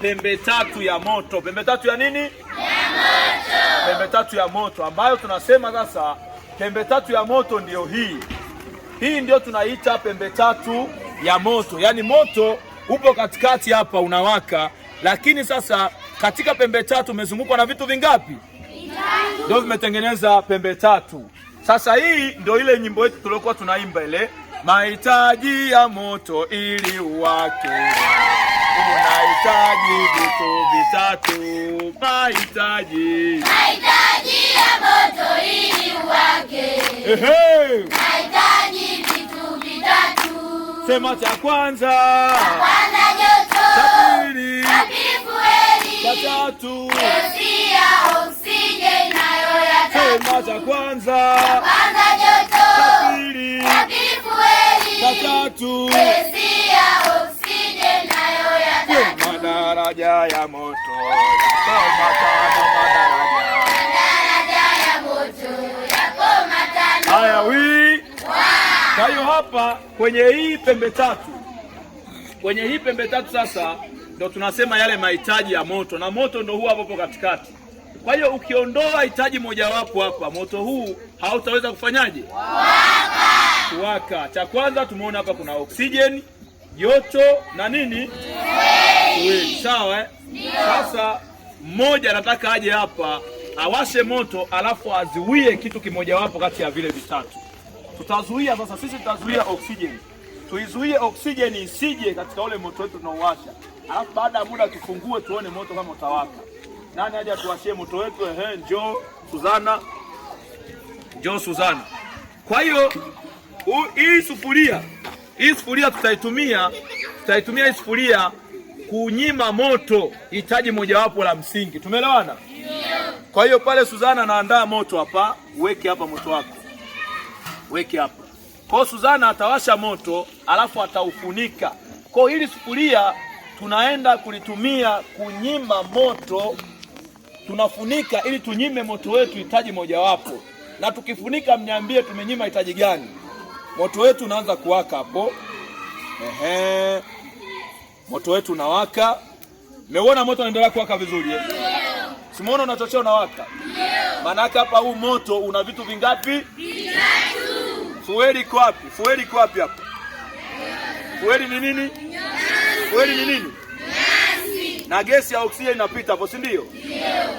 pembe tatu ya moto. Pembe tatu ya nini? Ya moto. Pembe tatu ya moto ambayo tunasema sasa, pembe tatu ya moto ndiyo hii hii, ndio tunaita pembe tatu ya moto. Yaani moto upo katikati hapa unawaka, lakini sasa katika pembe tatu umezungukwa na vitu vingapi? Ndio vimetengeneza pembe tatu. Sasa hii ndio ile nyimbo yetu tuliokuwa tunaimba ile, mahitaji ya moto ili uwake tunahitaji vitu vitatu. Mahitaji, mahitaji ya moto ili uwake. Ehe, mahitaji vitu vitatu. Sema cha kwanza, kwanza joto, cha pili cha tatu gesi ya oksijeni nayo ya tatu. Sema cha kwanza, kwanza joto, cha pili cha tatu gesi ya moto yakoma tano madaraja. Haya wi kwa hiyo hapa kwenye hii pembe tatu, kwenye hii pembe tatu sasa ndo tunasema yale mahitaji ya moto, na moto ndo huwa hapo katikati. Kwa hiyo ukiondoa hitaji mojawapo hapa, moto huu hautaweza kufanyaje? Kuwaka. Cha kwanza tumeona hapa kuna oksijeni, joto na nini? wawili, sawa eh? Sasa mmoja anataka aje hapa awashe moto alafu aziwie kitu kimojawapo kati ya vile vitatu. Tutazuia sasa, sisi tutazuia oksijeni, tuizuie oksijeni isije katika ule moto wetu tunaowasha, alafu baada ya muda tufungue tuone moto kama utawaka. Nani aje atuwashie moto wetu? Ehe, njoo Suzana, njoo Suzana. Kwa hiyo hii sufuria hii sufuria tutaitumia tutaitumia hii sufuria kunyima moto hitaji mojawapo la msingi. Tumeelewana? Kwa hiyo pale Suzana anaandaa moto hapa, weke hapa moto wako, weke hapa. Kwa hiyo Suzana atawasha moto alafu ataufunika. Kwa hiyo hili sufuria tunaenda kulitumia kunyima moto, tunafunika ili tunyime moto wetu hitaji mojawapo. Na tukifunika, mniambie tumenyima hitaji gani? Moto wetu unaanza kuwaka hapo. Ehe. Moto wetu unawaka. Meuona moto unaendelea kuwaka vizuri eh? Simuona unachochea unawaka. Maana hapa huu moto una vitu vingapi? Vitatu. Fueli iko wapi? Fueli iko wapi hapa? Fueli ni nini? Fueli ni nini? na gesi ya oksijeni inapita hapo, si ndio?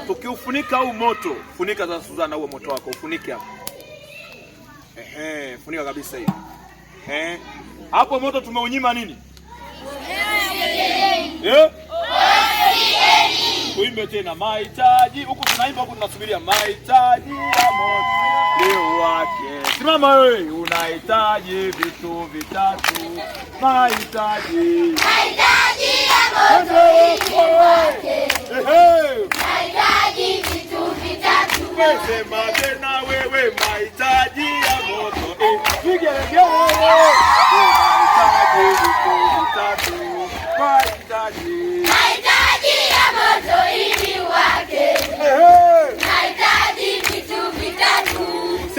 Tukiufunika huu moto, funika sasa Suzana, huo moto wako ufunike hapo. Ehe, funika kabisa hivi. Eh, hapo moto tumeunyima nini? yeah? Tuimbe tena mahitaji, huku tunaimba, huku tunasubiria mahitaji ya moyo wake. Simama wewe, unahitaji vitu vitatu, mahitaji mahitaji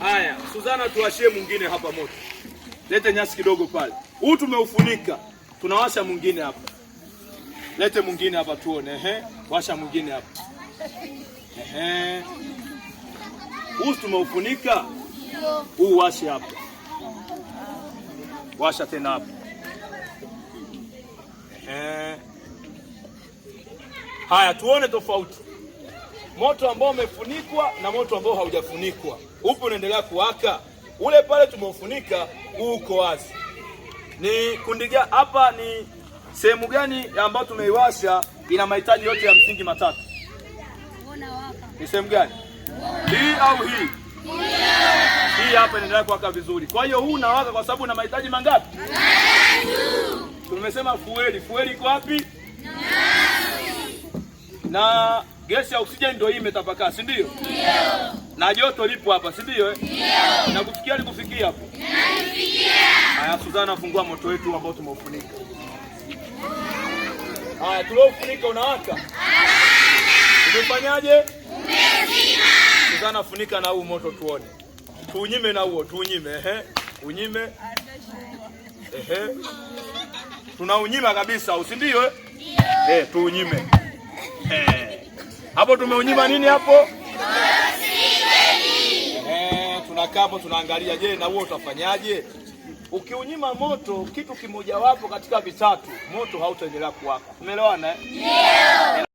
Haya, Suzana, tuwashie mwingine hapa moto. Lete nyasi kidogo pale, huu tumeufunika, tunawasha mwingine hapa. Lete mwingine hapa tuone. Ehe, washa mwingine hapa. Ehe, huu tumeufunika, huu washe hapa, washa tena hapa. Ehe, haya tuone tofauti moto ambao umefunikwa na moto ambao haujafunikwa, upo unaendelea kuwaka. Ule pale tumeufunika, uko wazi. Ni kundi hapa, ni sehemu gani ambayo tumeiwasha? Ina mahitaji yote ya msingi matatu. Ni sehemu gani hii au hii? Hii hapa inaendelea kuwaka vizuri. Kwa hiyo huu unawaka kwa sababu una mahitaji mangapi? Tumesema fueli. Fueli iko wapi? na Gesi ya oksijeni ndio hii imetapakaa, si ndio? Na joto lipo hapa, si ndio? Eh? Na kufikia likufikia hapo. Naifikia. Haya, Suzana fungua moto wetu ambao tumeufunika. Haya, tuliofunika unawaka? Umefanyaje? Umezima. Suzana funika na huu moto tuone. Tuunyime na huo, tuunyime, ehe. Unyime. Ehe. Tunaunyima kabisa, usindio? ndio? Eh? Ndio. Eh, tuunyime. Eh hapo tumeunyima nini hapo? Eh, tunakaa hapo tunaangalia, je, na wewe utafanyaje? Ukiunyima moto kitu kimojawapo katika vitatu, moto hautaendelea kuwaka. Umeelewana eh? Ndio. Yeah.